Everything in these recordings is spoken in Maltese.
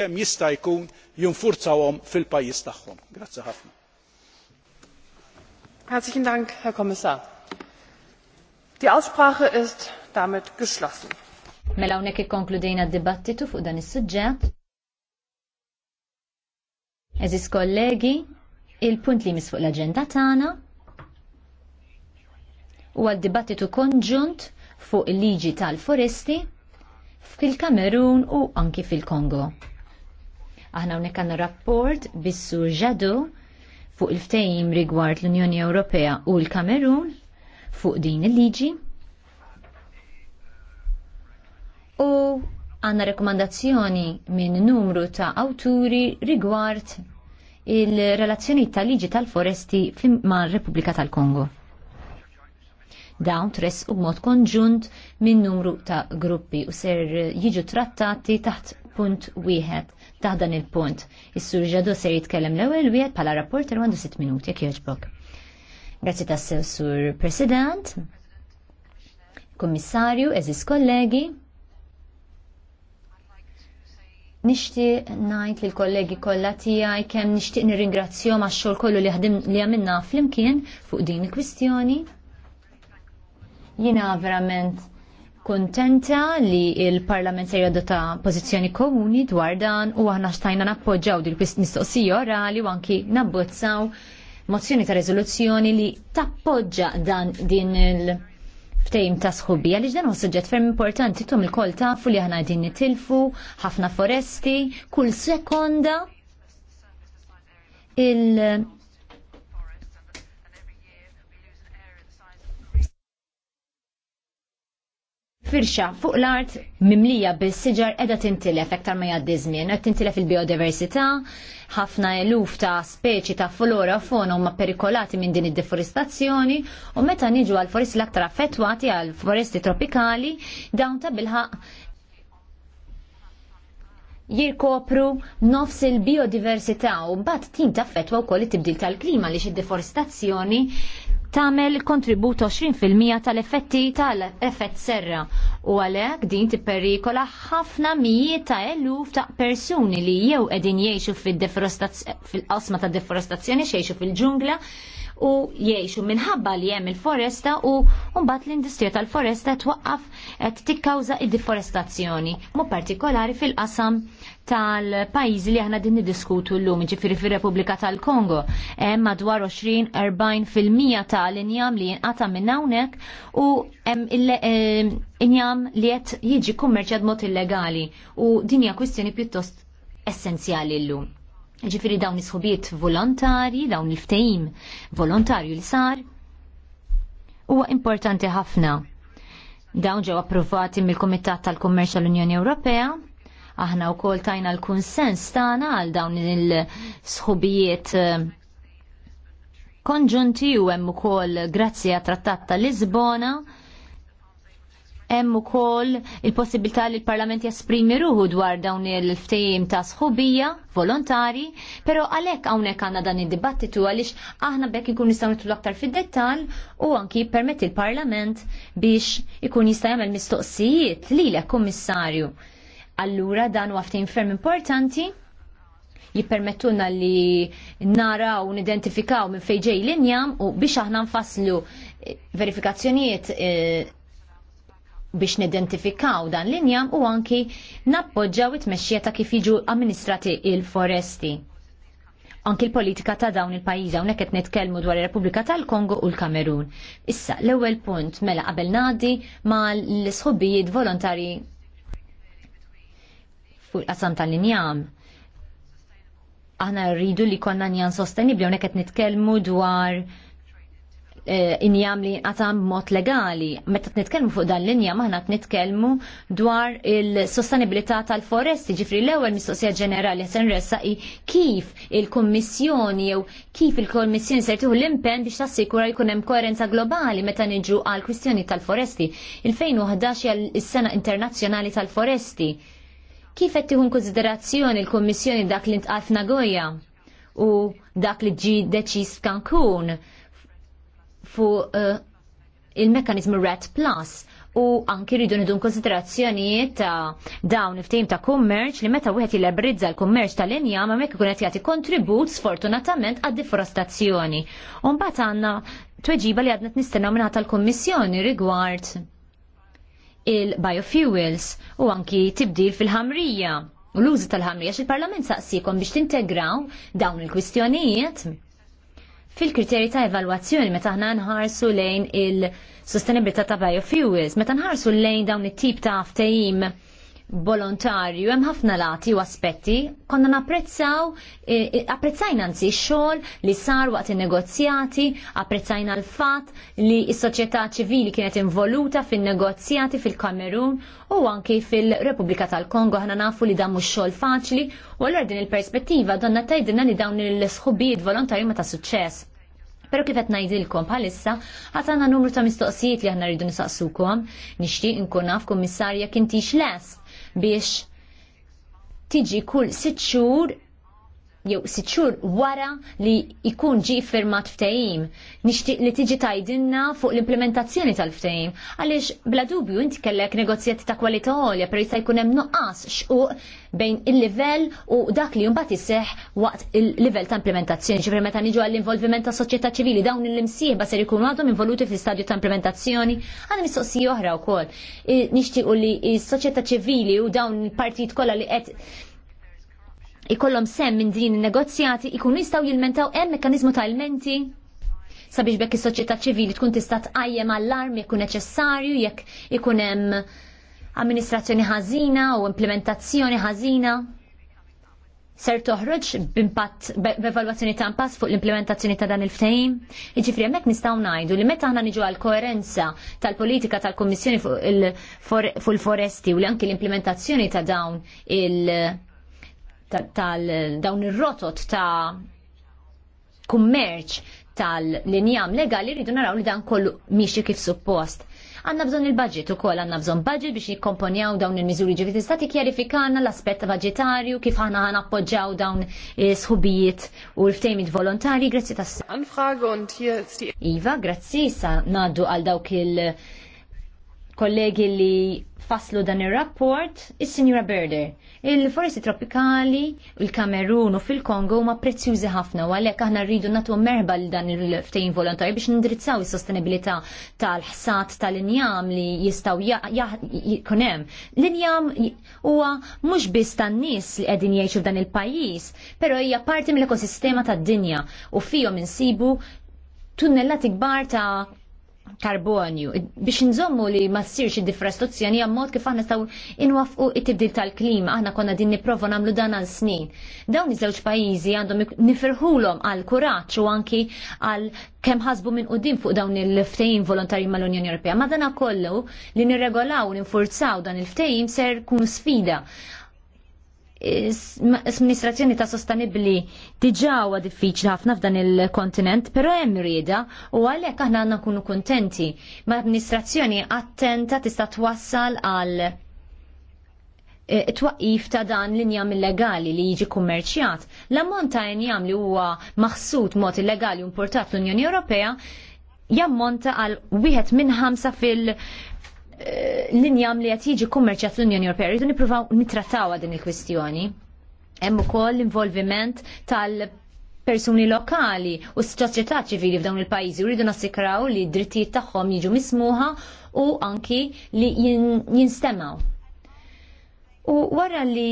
kemm jista' jkun jinfurzawhom fil-pajjiż tagħhom. Grazzi ħafna. Herzlichen Dank, Herr Kommissar. Die Aussprache ist damit geschlossen. Mela hawnhekk ikkonkludejna d-dibattitu fuq dan is-suġġett. Eżis kollegi, il-punt li mis fuq l-aġenda tagħna huwa d-dibattitu konġunt fuq il-liġi tal-foresti fil-Kamerun u anki fil-Kongo. Aħna hawnhekk għandna rapport bis-Sur Ġadu fuq il-ftehim rigward l-Unjoni Ewropea u l-Kamerun fuq din il-liġi. U għanna rekomandazzjoni minn numru ta' awturi rigward il-relazzjoni tal liġi tal-foresti ma' Repubblika tal-Kongo. Dawn tress u mod konġunt minn numru ta' gruppi u ser jiġu trattati taħt punt wieħed taħ dan il-punt. Is-sur ġadu se jitkellem l-ewwel wieħed bħala rapporter għandu sitt minuti jekk jogħġbok. Grazzi tassew sur President, Kommissarju, eżis kollegi. Nixtieq ngħid li l-kollegi kollha tiegħi kemm nixtieq nirringrazzjahom għax-xogħol kollu li ħadim li għamilna flimkien fuq din il-kwistjoni. Jiena verament kontenta li il-Parlament se jadota pożizzjoni komuni dwar dan u aħna xtajna nappoġġaw dil mistoqsija orali u anki nabbozzaw mozzjoni ta' rezoluzzjoni li tappoġġa dan din il- ftejm ta' sħubija u s suġġett ferm importanti tum il-kol tafu li aħna din nitilfu, ħafna foresti, kull sekonda il- firxa fuq l-art mimlija bil siġar edha tintilef aktar ma jgħaddi żmien, qed tintilef il-biodiversità, ħafna eluf ta' speċi ta' flora fona huma perikolati minn din id-deforestazzjoni u meta niġu għal foresti l-aktar affettwati għal foresti tropikali dawn ta' bilħaq jirkopru nofs il-biodiversità u bat tinta taffetwa u koll tibdil tal-klima li xid-deforestazzjoni tamel kontribut 20% tal-effetti tal-effett serra u għalek din tipperikola ħafna mijiet ta' eluf ta' persuni li jew edin jiexu fil-qasma ta' deforestazzjoni xiexu fil-ġungla u jiexu minħabba li jem il-foresta u mbagħad l-industrija tal-foresta twaqqaf qed tikkawża id-deforestazzjoni, mu partikolari fil-qasam tal-pajjiżi li aħna din niddiskutu llum, ġifieri fir-Repubblika tal-Kongo, hemm madwar 20-40% fil-mija tal injam li jinqata minn hawnhekk u hemm eh, injam li qed jiġi kummerċjat mod illegali u din hija kwistjoni pjuttost essenzjali llum. Ġifieri dawn is volontari, volontarji, dawn il-ftehim volontarju li sar huwa importanti ħafna. Dawn ġew approvati mill-Kumitat tal-Kummerċ tal-Unjoni Ewropea Aħna wkoll tajna l-kunsens tagħna għal dawn il-sħubijiet eh, konġunti u hemm ukoll grazzi għat trattat ta' Lisbona hemm ukoll il-possibilità li l-Parlament jasprimi ruħu dwar dawn il-ftehim ta' sħubija volontari, pero għalhekk hawnhekk għandna dan id-dibattitu għaliex aħna bekk ikun nistgħu nitlu aktar fid-dettall u anki jippermetti l-Parlament biex ikun jista' jagħmel mistoqsijiet lilek Kummissarju Allura dan huwa ftehim ferm importanti jippermettuna li naraw u nidentifikaw minn fejġej linjam u biex aħna nfasslu eh, verifikazzjonijiet eh, biex nidentifikaw dan l-injam u anki nappoġġaw it-mexxija ta' kif jiġu amministrati il-foresti. Anki l-politika ta' dawn il-pajjiża hawnhekk qed nitkellmu dwar ir-Repubblika tal-Kongo u l-Kamerun. Issa l-ewwel punt mela qabel ngħaddi mal-sħubbijiet volontari fuq il-qasam tal-injam. Aħna rridu li konna njan sostenibli, unek qed nitkellmu dwar eh, injam li għatam mod legali. Meta t-nitkelmu fuq dan l-injam, aħna t-nitkelmu dwar il-sostenibilità tal-foresti. Ġifri l-ewel mistoqsija ġenerali se ressaqi kif il-kommissjoni jew kif il-kommissjoni se tieħu l-impenn biex tassikura jkun hemm koerenza globali meta niġu għal kwistjoni tal-foresti. Il-2011 hija s-sena internazzjonali tal-foresti Kif qed tieħu konsiderazzjoni l-Kummissjoni dak li ntqal f'Nagoya u dak li ġi deċiż Cancun fuq uh, eh, il-mekkanizmu Red Plus u anki rridu nidun konsiderazzjonijiet ta' dawn iftim ta' kummerċ li meta wieħed jilebrizza l-kummerċ tal linja ma mekk ikun qed jagħti kontribut sfortunatament għad deforestazzjoni. U mbagħad għandna tweġiba li għadna t-nistenna minna tal kummissjoni rigward il-biofuels u anki tibdil fil-ħamrija u l-użu tal-ħamrija xil-parlament saqsikom biex tintegraw dawn il-kwistjonijiet fil-kriterji ta' evalwazzjoni meta ħna nħarsu lejn il-sostenibilità ta' biofuels, meta nħarsu lejn dawn it-tip ta' ftehim volontarju, hemm ħafna lati u aspetti, konna napprezzaw, eh, eh, apprezzajna anzi xogħol li sar waqt in-negozjati, apprezzajna l-fatt li s-soċjetà ċivili kienet involuta fin-negozjati fil-Kamerun u anki fil-Repubblika tal-Kongo ħana nafu li dan mhux xogħol faċli u allura din il-perspettiva donna tgħidilna li dawn il-sħubijiet volontarju ma ta' suċċess. Pero kif qed ngħidilkom bħalissa ħadd għandna numru ta' mistoqsijiet li aħna rridu nisaqsukom. Nixtieq inkun naf kummissarja kintix lest biex tiġi kull sitt xhur jew sitt xhur wara li jkun ġi firmat ftehim. Nixtieq li tiġi tajdinna fuq l-implementazzjoni tal-ftehim. Għaliex bla dubju inti kellek negozjati ta' kwalità għolja per jista' jkun hemm nuqqas xquq bejn il-livell u dak li mbagħad isseħ waqt il-livell ta' implementazzjoni. Ġifier meta niġu għall-involviment ta' soċjetà ċivili dawn il imsieħ ser ikunu għadhom involuti fl-istadju ta' implementazzjoni. Għandna mistoqsija oħra wkoll. Nixtiequ li s-soċjetà ċivili u dawn il-partit kollha li qed ikollhom sem minn din in-negozjati ikunu jistgħu jilmentaw hemm mekkaniżmu ta' ilmenti sabiex bekk is-soċjetà ċivili tkun tista' tqajjem allarm jekk neċessarju jekk ikun hemm amministrazzjoni ħażina u implementazzjoni ħażina ser toħroġ b'impatt b'evalwazzjoni ta' impass fuq l-implementazzjoni ta' dan il-ftehim. Jiġifieri hemmhekk nistgħu ngħidu li meta aħna niġu għal koerenza tal-politika tal-Kummissjoni fuq il-foresti u li anki l-implementazzjoni ta' dawn il- tal-dawn ir-rotot ta' kummerċ tal-linjam legali rridu naraw li dan kollu miexi kif suppost. Għanna bżon il-budget u koll, għanna bżon budget biex jikkomponjaw dawn il-mizuri ġivit istati kjarifikana l-aspet budgetarju kif għanna ħana appoġġaw dawn sħubijiet u l-ftejmit volontari, grazzi tas. Anfrage und hier Iva, grazzi sa naddu għal dawk il- kollegi li faslu dan ir-rapport, is signora Berder. Il-foresti tropikali, il-Kamerun u fil-Kongo huma prezzjużi ħafna u għalek aħna rridu natu merba li dan il ftejn volontari biex ndrizzaw is-sostenibilità tal-ħsat tal-injam li jistgħu jikunem. hemm. L-injam huwa mhux biss tan-nies li qegħdin jgħixu f'dan il-pajjiż, però hija parti mill-ekosistema tad-dinja u fihom insibu tunnellati kbar ta' karbonju. Biex nżommu li ma ssirx id-difrastruzzjoni hija mod kif aħna nistgħu inwafqu it-tibdil tal-klima, aħna konna din nipprova nagħmlu dan għal snin. Dawn iż-żewġ pajjiżi għandhom nifirħulhom għal kuraġġ u anki għal kemm ħasbu minn qudiem fuq dawn il-ftehim volontarji mal-Unjoni Ewropea. Ma kollu li nirregolaw u ninfurzaw dan il-ftehim ser kun sfida Amministrazzjoni ta' sostenibli diġawa diffiċli ħafna f'dan il-kontinent, però hemm rieda u għalhekk aħna għandna nkunu kuntenti. Ma' amministrazzjoni attenta tista' twassal għal e, twaqif ta' dan l-injam illegali li jiġi kummerċjat. L-ammont ta' injam li huwa maħsud mod illegali importat l-Unjoni Ewropea jammonta għal wieħed minn ħamsa fil- Eh, l-injam li qed jiġi kummerċjat fl unjoni Europea rridu nippruvaw nitrattaw din il-kwistjoni. Hemm ukoll l-involviment tal- persuni lokali u s-soċjetà ċivili f'dawn il-pajjiżi jridu nassikraw li d-drittijiet tagħhom jiġu mismuħa u anki li jinstemaw. U wara li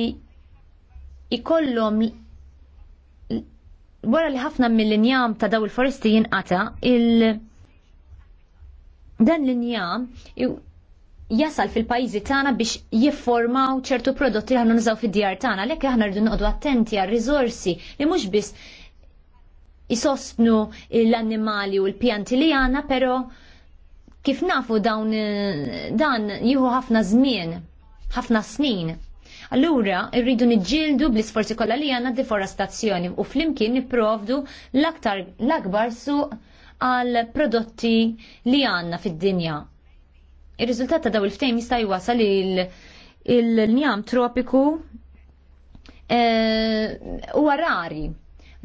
ikollhom wara li ħafna mill-injam ta' daw il-foresti jinqata il dan l-injam jasal fil-pajjiżi tagħna biex jifformaw ċertu prodotti li aħna nużaw fid-djar tagħna, għalhekk aħna rridu noqogħdu attenti għar rizorsi li mhux biss isostnu l-annimali u l-pjanti li għandna, però kif nafu dawn dan jieħu ħafna żmien, ħafna snin. Allura, rridu niġġieldu bl-isforzi kollha li għandna deforestazzjoni u flimkien nipprovdu l-aktar l-akbar suq għal prodotti li għandna fid-dinja ir rizultat ta' daw il-ftejm jista' jwasal il-njam tropiku eh, u rari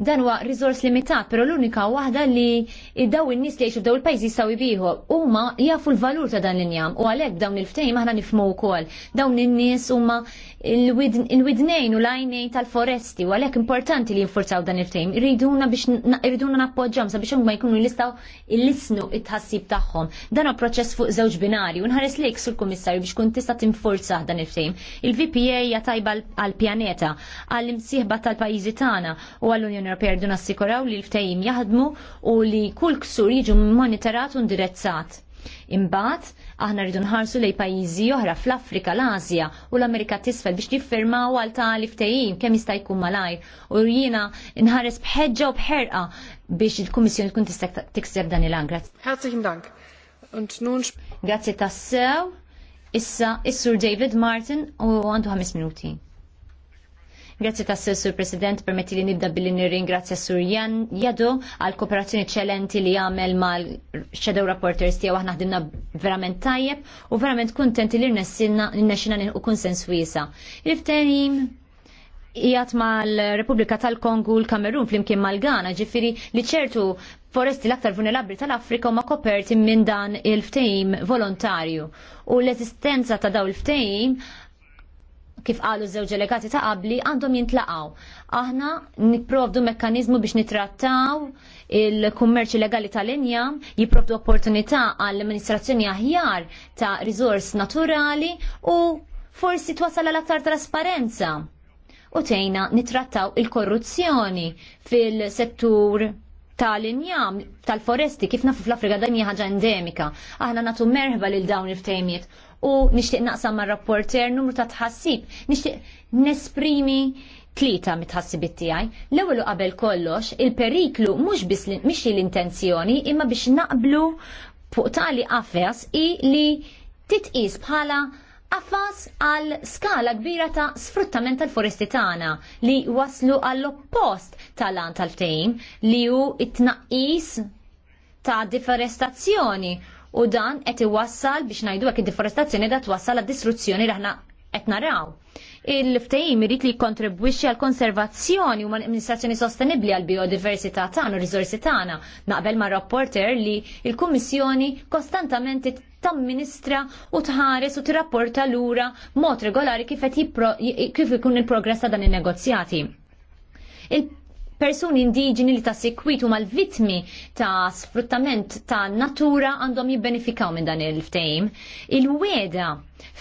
Dan huwa riżors limitat, però l-unika waħda li daw in-nies li jgħixu f'daw il-pajjiżi jistgħu jbieħu huma jafu l-valur ta' dan l-injam u għalhekk dawn il-ftehim aħna nifhmu wkoll. Dawn in-nies huma il-widnejn u l-għajnejn tal-foresti u għalhekk importanti li jinfurzaw dan il-ftehim. Iriduna biex iriduna nappoġġjahom sabiex huma jkunu jlistgħu illisnu it-tħassib tagħhom. Dan huwa proċess fuq żewġ binari u nħares lejk sur-Kummissarju biex kun tista' tinfurza dan il-ftehim. Il-VPA hija tajba għall-pjaneta, għall-imsieħba tal-pajjiżi tagħna u għall-Unjoni Governor unjoni Ewropea nassikuraw li l ftajim jaħdmu u li kull ksur jiġu monitorat u ndirezzat. Imbagħad aħna rridu nħarsu lejn pajjiżi oħra fl-Afrika, l-Asja u l-Amerika tisfel biex jiffirmaw għal tali ftejim kemm jista' jkun malajr u jiena nħares bħeġġa u bħerqa biex il-Kummissjoni tkun tista' tikseb dan il-angrat. Herzlichen Dank. Und nun Grazzi tassew. Issa, is-Sur David Martin u għandu ħames minuti. Grazzi ta' Sur President, permetti li nibda billi nirringrazzja Sur Jan Jadu għal kooperazzjoni ċelenti li għamel mal Shadow Reporters tiegħu aħna ħdimna verament tajjeb u verament kuntenti li rnexxina u konsens wiesa. Il-ftehim jgħat mal-Repubblika tal-Kongu l-Kamerun flimkien mal-Ghana, ġifiri li ċertu foresti l-aktar vulnerabri tal-Afrika ma koperti minn dan il ftehim volontarju. U l-esistenza ta' daw il ftehim kif qalu żewġ delegati ta' qabli għandhom jintlaqgħu. Aħna nipprovdu mekkaniżmu biex nitrattaw il-kummerċ legali tal linja jipprovdu opportunità għall-amministrazzjoni aħjar ta' rizors naturali u forsi twasal għal aktar trasparenza. U tejna nitrattaw il-korruzzjoni fil-settur tal-injam, tal-foresti, kif nafu fl-Afrika dan ħaġa endemika. Aħna natu merħba lil dawn il-ftejmiet u nixtieq naqsam mar-rapporter numru ta' tħassib. Nixtieq nesprimi tlieta mitħassibit tiegħi. L-ewwel qabel kollox, il-periklu mhux biss mixi l-intenzjoni imma biex naqblu fuq tali qafas i li titqis bħala affas għal skala kbira ta' sfruttament tal-foresti tagħna li waslu għall-oppost tal għan tal-ftehim li hu it-tnaqqis ta' deforestazzjoni u dan qed iwassal biex ngħidu hekk id-deforestazzjoni qed twassal għad-distruzzjoni li aħna qed naraw. Il-ftehim irid li jikkontribwixxi għal konservazzjoni u amministrazzjoni sostenibbli għal biodiversità tagħna u riżorsi tagħna. Naqbel ma' rapporter li l-Kummissjoni kostantament tamministra u tħares u tirrapporta lura mod regolari kif ikun il-progress ta' dan in-negozjati persuni indiġeni li ta' sikwitu mal-vitmi ta' sfruttament ta' natura għandhom jibbenefikaw minn dan il-ftejim. Il-weda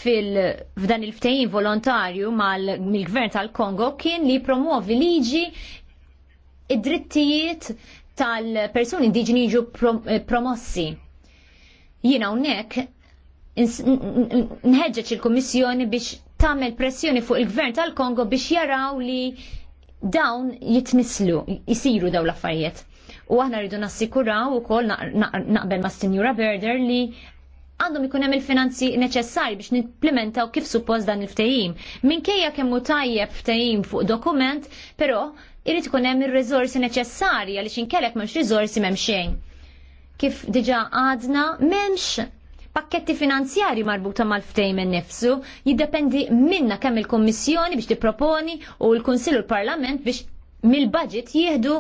f'dan il-ftejim volontarju mal-gvern tal-Kongo kien li promuovi liġi id-drittijiet tal-persuni indiġeni ġu eh, promossi. Jina unnek nħedġeċ il-Komissjoni biex tamel pressjoni fuq il-Gvern tal-Kongo biex jaraw li dawn jitnislu, jisiru daw l-affarijiet. U aħna rridu nassikuraw u kol naqbel ma' Sinjura Berder li għandhom ikun hemm il-finanzi neċessari biex nimplementaw kif suppost dan il-ftehim. Minkejja kemm hu tajjeb ftehim fuq dokument, però irid ikun hemm ir-riżorsi neċessarji għaliex inkellek m'hemmx riżorsi m'hemm xejn. Kif diġà għadna m'hemmx pakketti finanzjari marbuta mal-ftejm nifsu jiddependi minna kemm il-Kommissjoni biex tipproponi u l-Kunsill u l-Parlament biex mill-budget jieħdu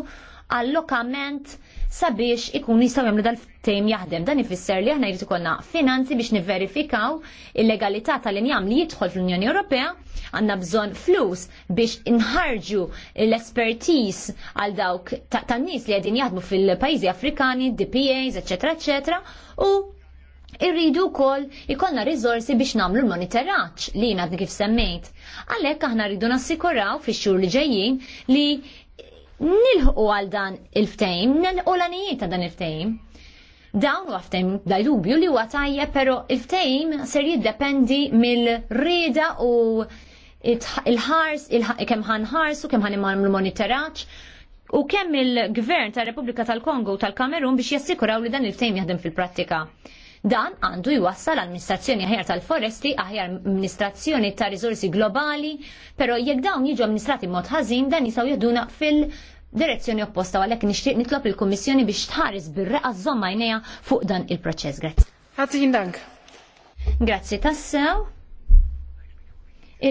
allokament sabiex ikun jistgħu jagħmlu dal-ftejm jaħdem. Dan ifisser li aħna jrid ikolna finanzi biex nivverifikaw il-legalità tal-injam li jidħol fl-Unjoni Ewropea, għandna bżonn flus biex inħarġu l-espertiż għal dawk tan-nies li qegħdin jaħdmu fil-pajjiżi Afrikani, DPAs, eċetera, eċetera, u Irridu kol ikonna rizorsi biex namlu l-monitoraċ li jina kif semmejt. Għalek aħna rridu nassikuraw fi xur li ġejjin li nilħu għal dan il-ftejm, nilħu l-anijiet ta' dan il-ftejm. Dawn u għaftajm bla dubju li huwa tajja, pero il-ftejm ser jiddependi mill-rida u il-ħars, kemm ħan u kemm ħan imman l-monitoraċ u kemm il-gvern ta' Repubblika tal-Kongo u tal-Kamerun biex jassikuraw li dan il-ftejm jaħdem fil-prattika. Dan għandu jwassal amministrazzjoni aħjar tal-foresti, aħjar amministrazzjoni ta' riżorsi globali, pero jekk dawn jiġu amministrati mod ħażin dan jistgħu jaduna fil- direzzjoni opposta għalhekk nixtieq nitlob il-Kummissjoni biex tħares bir-reqa żomma fuq dan il-proċess. Grazzi. Ħażin dank. Grazzi tassew.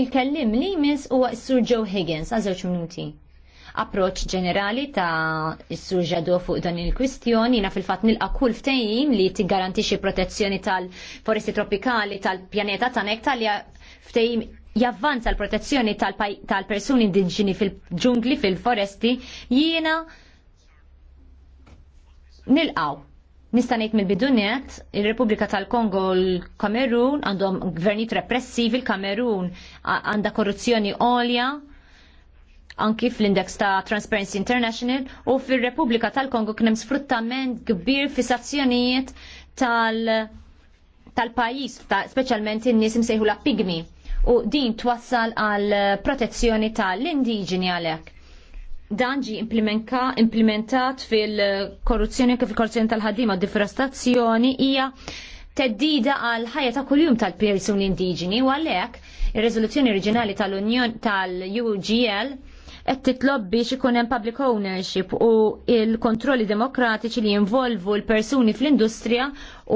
Il-kellim li mis huwa s-Sur Joe Higgins għal żewġ minuti approċ ġenerali ta' s-surġadu fuq dan il-kwistjoni. Jina fil-fat nilqa kull ftejim li t-garantixi protezzjoni tal-foresti tropikali tal-pjaneta tanek tal-ja ftejim javvanza l-protezzjoni tal-persuni Indiġini fil-ġungli, fil-foresti, jiena nilqaw. Nistanejt mill-bidunet, il-Repubblika tal-Kongo l-Kamerun għandhom gvernit repressivi, il-Kamerun għanda korruzzjoni olja, anki fl-index ta' Transparency International u fil-Repubblika tal-Kongo kien sfruttament kbir fi sazzjonijiet tal- tal-pajis, ta specialment in-nies imsejħu la pigmi u din twassal għal protezzjoni tal-indiġeni għalhekk. Dan ġi implementat fil-korruzzjoni kif il-korruzzjoni tal ħadima u deforestazzjoni hija teddida għal ħajja ta' kuljum tal-persuni indiġeni u għalhekk ir-riżoluzzjoni oriġinali tal unjoni tal-UGL qed titlob biex ikun hemm public ownership u il-kontrolli demokratiċi li jinvolvu l-persuni fl-industrija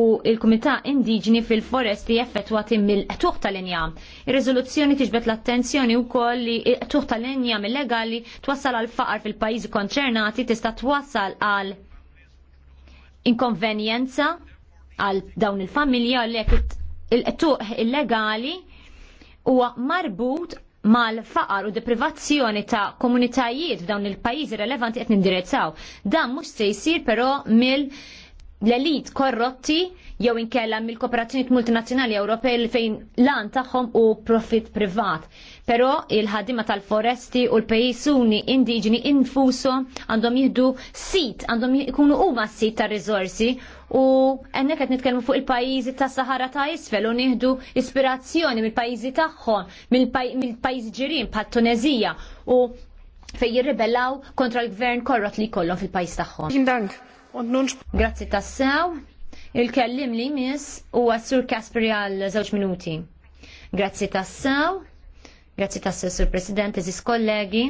u il-kumità indiġeni fil-foresti effettwati mill-qtuħ tal-enja. Ir-riżoluzzjoni tiġbet l-attenzjoni wkoll li t-tuħ tal-enja mill-legali twassal għal faqar fil-pajjiżi konċernati tista' twassal għal inkonvenjenza għal dawn il-familja li ek il-tuq illegali huwa marbut mal-faqar u deprivazzjoni ta' komunitajiet f'dawn il-pajjiżi relevanti qed nindirizzaw. Dan mhux se jsir però mill l-elit korrotti jew inkella mill-kooperazzjoni multinazzjonali Ewropej li fejn lan tagħhom u profit privat. Però il-ħadima tal-foresti u l-pejsuni indiġeni infushom għandhom jieħdu sit, għandhom jkunu huma sit tar-riżorsi u għennek għet nitkellmu fuq il-pajizi ta' Sahara ta' Isfel u nieħdu ispirazzjoni mill-pajizi tagħhom, mill-pajizi ġirin bħal Tunezija u fej jirribellaw kontra l-gvern korrot li kollhom fil-pajiz tagħhom. Grazzi tassew. Il-kellim li miss u għassur Kasperi għal żewġ minuti. Grazzi tassew. Grazzi tassew, Sur President, eżis kollegi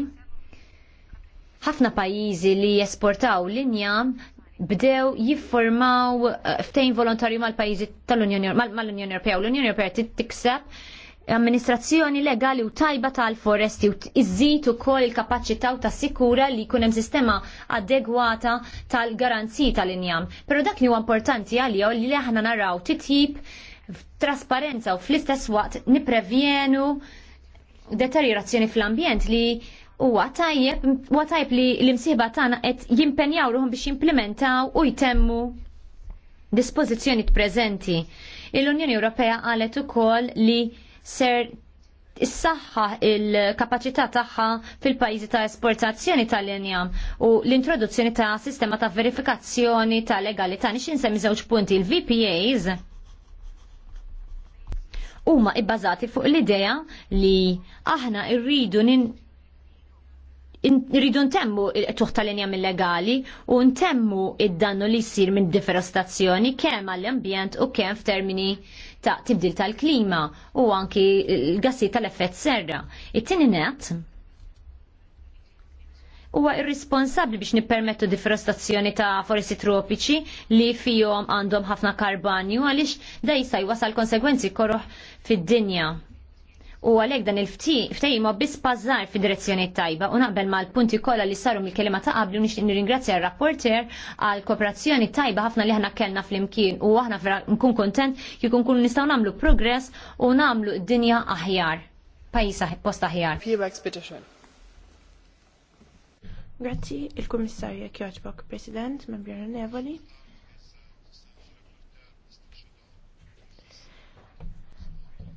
ħafna pajjiżi li jesportaw linja bdew jiffurmaw eh, ftejn volontarju mal-pajjiżi tal-Unjoni mal-Unjoni Europea u l-Unjoni Europea tikseb amministrazzjoni legali u tajba tal-foresti u iżżid ukoll il-kapaċità u tas-sikura li jkun hemm sistema adegwata tal-garanziji tal-injam. Però dak li huwa importanti għalija li aħna naraw titjib trasparenza u fl-istess waqt niprevjenu deteriorazzjoni fl-ambjent li huwa tajjeb huwa tajjeb li l imsieba tagħna qed jimpenjaw ruhom biex jimplementaw u jtemmu dispożizzjonijiet preżenti. Il-Unjoni Ewropea qalet ukoll li ser issaħħa il-kapacità tagħha fil-pajjiżi ta' esportazzjoni tal-injam u l-introduzzjoni ta' sistema ta' verifikazzjoni ta' legalità nix insemmi żewġ punti il-VPAs huma ibbażati fuq l-idea li aħna rridu nin Nridu ntemmu tuħ tal-linja mill-legali u ntemmu id-dannu li jsir minn deforestazzjoni kemm għall-ambjent u kemm f'termini ta' tibdil tal-klima u anki l-gassi tal-effett serra. it tini net huwa irresponsabli biex nippermettu deforestazzjoni ta' foresti tropiċi li fihom għandhom ħafna karbanju għaliex da jisaj jwasal konsegwenzi korroħ fid-dinja U għalek dan il-ftejim ma bis pazzar fi direzzjoni tajba u naqbel ma l-punti kolla li saru mill-kelima ta' qablu nix ringrazzja il-rapporter għal kooperazzjoni tajba ħafna li ħna kellna fl-imkien u ħna nkun kontent jikun kun nistaw namlu progress u namlu dinja aħjar. Pajisa post aħjar. expedition. Grazzi il-Kummissarja Kjoġbok, President, Membri Nevoli.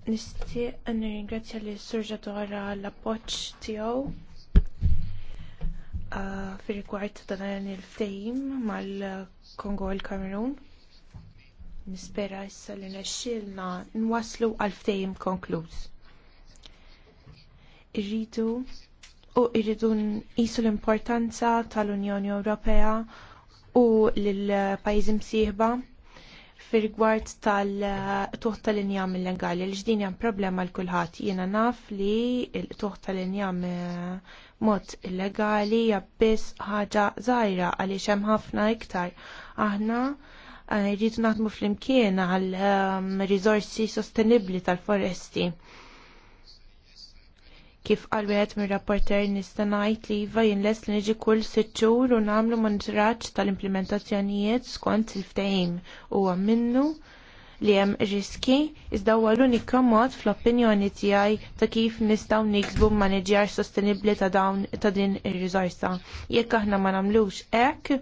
Nistieq nirringrazzja li surġa dwar l-appoġġ tiegħu uh, fir rigward ta' dan il-ftehim mal-Kongo il kamerun Nispera issa li nexxielna nwaslu għal ftehim konkluż. Irridu u irridu nqisu l-importanza tal-Unjoni Ewropea u lill pajjiżi msieħba fir-rigward tal-tuħ tal-injam illegali li ġdin hemm problema l kulħadd jiena naf li l-tuħ tal-injam eh, mod illegali hija biss ħaġa żgħira għaliex hemm ħafna iktar. Aħna eh, rridu naħdmu flimkien għal eh, riżorsi sostenibbli tal-foresti. Kif qal wieħed mir-rapporter nista' ngħid li iva jinles li niġi kull sitt xhur u nagħmlu monitoraġġ tal-implementazzjonijiet skont il-ftehim huwa minnu li hemm riski iżda huwa l-unika mod fl-opinjoni tiegħi ta' kif nistgħu niksbu maniġjar sostenibbli ta' dawn ta' din ir-riżorsa. Jekk aħna ma nagħmlux hekk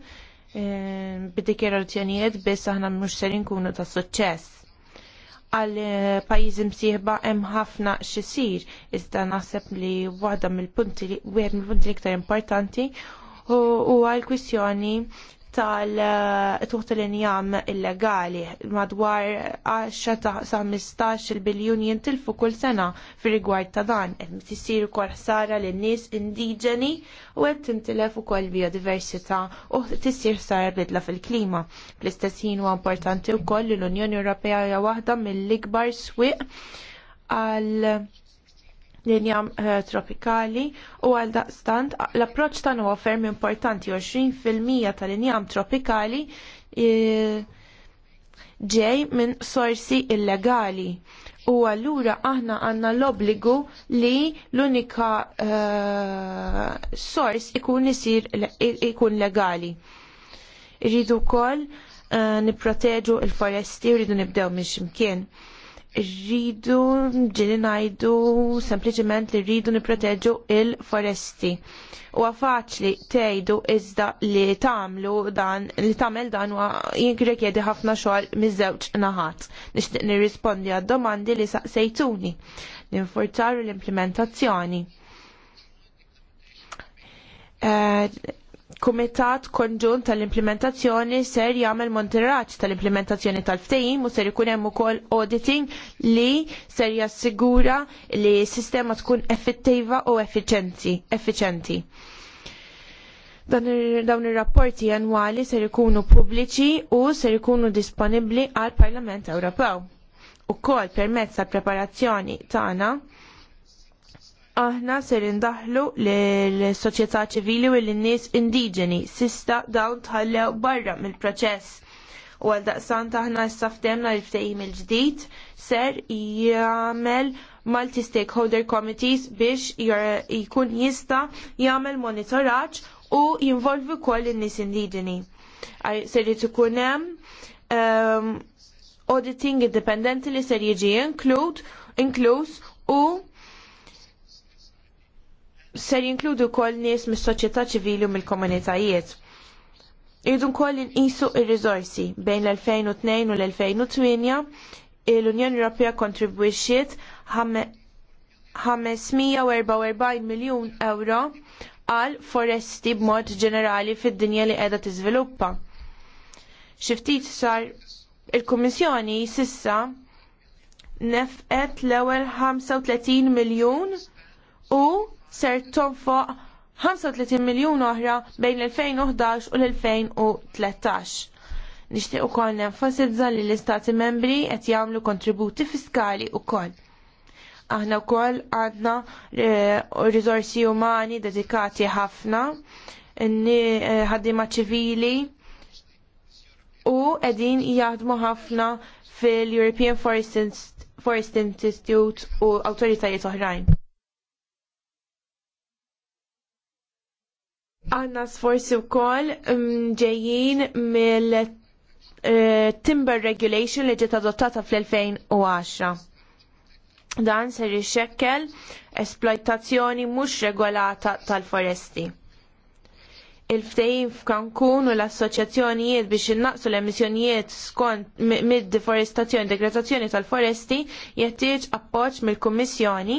e, biss aħna mhux ser inkunu ta' suċċess għal pajjiżi msieħba hemm ħafna xisir, iżda naħseb li waħda mill-punti li wieħed mill-punti l-iktar importanti u għal kwistjoni tal-tuħt eh, l-injam illegali madwar 10 ta' 15 biljun jintilfu kull sena fir rigward ta' dan qed tisir ukoll ħsara lin nies indiġeni u qed tintilef ukoll biodiversità u tisir ħsara bidla fil-klima. Fl-istess ħin huwa importanti wkoll li l-Unjoni Ewropea hija waħda mill-ikbar swieq għal linja eh, tropikali u għal daqstant l-approċ tan huwa ferm importanti 20% tal-injam tropikali eh, ġej minn sorsi illegali. U allura aħna għanna l-obligu li l-unika uh, sors ikun isir ikun legali. Rridu kol uh, niproteġu il-foresti u rridu nibdew minn ximkien rridu ġili najdu sempliciment li rridu niproteġu il-foresti. U faċli tgħidu iżda li tamlu dan li tagħmel dan huwa jedi ħafna xogħol miż-żewġ naħat. Nixtieq nirrispondi għad-domandi li saqsejtuni. ninforzaru l-implementazzjoni. Uh, Kumitat Konġunt tal-Implementazzjoni ser jagħmel monitoraġġ tal-implementazzjoni tal-ftehim u ser ikun hemm ukoll auditing li ser jassigura li s-sistema tkun effettiva u effiċenti. Dawn ir-rapporti annwali ser ikunu pubbliċi u ser ikunu disponibbli għall Parlament Ewropew. Ukoll permezz tal preparazzjoni tagħna aħna ser indaħlu l-soċjetà ċivili u l-nies indiġeni sista dawn tħallew barra mill-proċess. U għal daqsan taħna s-saftemna l-ftejim il-ġdid ser jagħmel Multi Stakeholder Committees biex jkun jista jagħmel monitoraġġ u jinvolvi wkoll in-nies indiġeni. Ser ikun hemm ehm, auditing indipendenti li ser jiġi inklud u ser jinkludu kol nies mis-soċjetà ċivili u mill-komunitajiet. Irridu in inqisu il-rizorsi bejn l-2002 u l-2008 l-Unjoni Europea kontribwixxiet 544 miljun euro għal foresti b'mod ġenerali fid-dinja li qiegħda tiżviluppa. Xi ftit sar il-Kummissjoni sissa nefqet l-ewwel 35 miljun u ser tonfoq 35 miljun oħra bejn l-2011 u l-2013. Nixtieq ukoll nenfasizza li l-Istati membri qed jagħmlu kontributi fiskali wkoll. Aħna wkoll għadna eh, rizorsi umani dedikati ħafna, eh, ħaddiema ċivili u qegħdin jaħdmu ħafna fil-European Forest Institute u awtoritajiet oħrajn. Għanna sforsi u koll mm, ġejjin mill eh, Timber Regulation li ġiet adottata fl-2010. Dan ser ixxekkel esploitazzjoni mhux regolata tal-foresti. il ftejn f'Kankun u l-assoċjazzjonijiet biex innaqsu l-emissjonijiet skont mid-deforestazzjoni degradazzjoni tal-foresti jeħtieġ appoġġ mill-Kummissjoni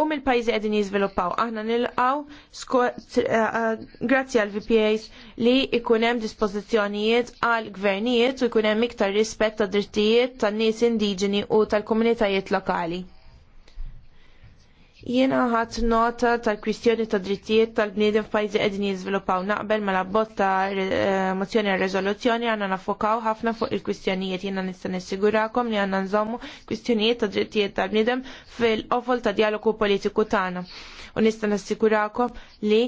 u mill pajjiżi qegħdin jiżviluppaw. Aħna nilqgħu eh, eh, grazzi għal VPAs li jkun hemm dispożizzjonijiet għal gvernijiet u jkun hemm iktar rispett tad drittijiet tan-nies indiġeni u tal-komunitajiet lokali. Jiena ħadd nota tal-kwistjoni ta' drittijiet tal-bniedem f'pajjiżi qegħdin jiżviluppaw naqbel mela abbozz ta' eh, mozzjoni għal riżoluzzjoni għandna nafokaw ħafna fuq il-kwistjonijiet jiena nista' nissigurakom li għandna nżommu kwistjonijiet ta' drittijiet tal-bniedem fil-qofol ta' dialogu politiku tagħna. U nista' nissigurakom li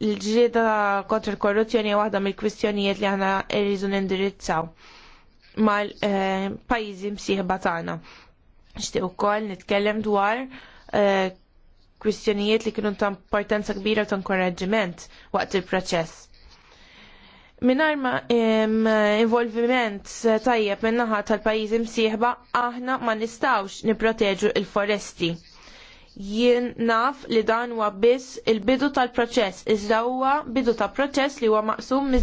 l ġieda kontra l-korruzzjoni waħda mill-kwistjonijiet li aħna rridu nindirizzaw mal-pajjiżi eh, msieħba tagħna. Nixtieq ukoll nitkellem dwar Eh, kwistjonijiet li kienu ta' importanza kbira ta' inkoraġġiment waqt il-proċess. Minar ma involviment tajjeb minnaħa tal pajizim siħba, aħna ma nistawx niproteġu il-foresti. Jien naf li dan huwa biss il-bidu tal-proċess, iżda huwa bidu ta' proċess li huwa maqsum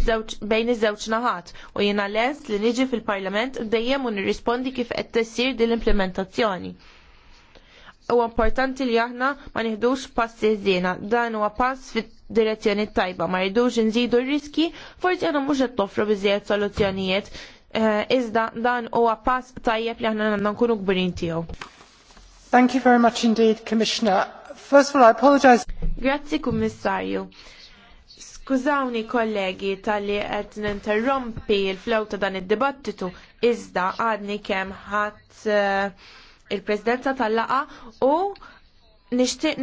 bejn iż-żewġ naħat u jiena lest li niġi fil-Parlament dejjem u nirrispondi kif qed tessir din l-implementazzjoni u importanti li aħna ma nieħdux passi żiena. Dan huwa pass fid-direzzjoni tajba, ma rridux nżidu r-riski, forsi aħna mhux qed toffru biżejjed soluzzjonijiet. Eh, iżda dan huwa pass tajjeb li aħna għandna nkunu kburin tiegħu. Thank you very much indeed, Commissioner. First of all, I apologize. Grazzi, Kummissarju. Skużawni kollegi tal-li qed ninterrompi l-flow ta' dan id-dibattitu iżda għadni kemm ħat uh, eh, il-Presidenza tal-laqa u nixtieq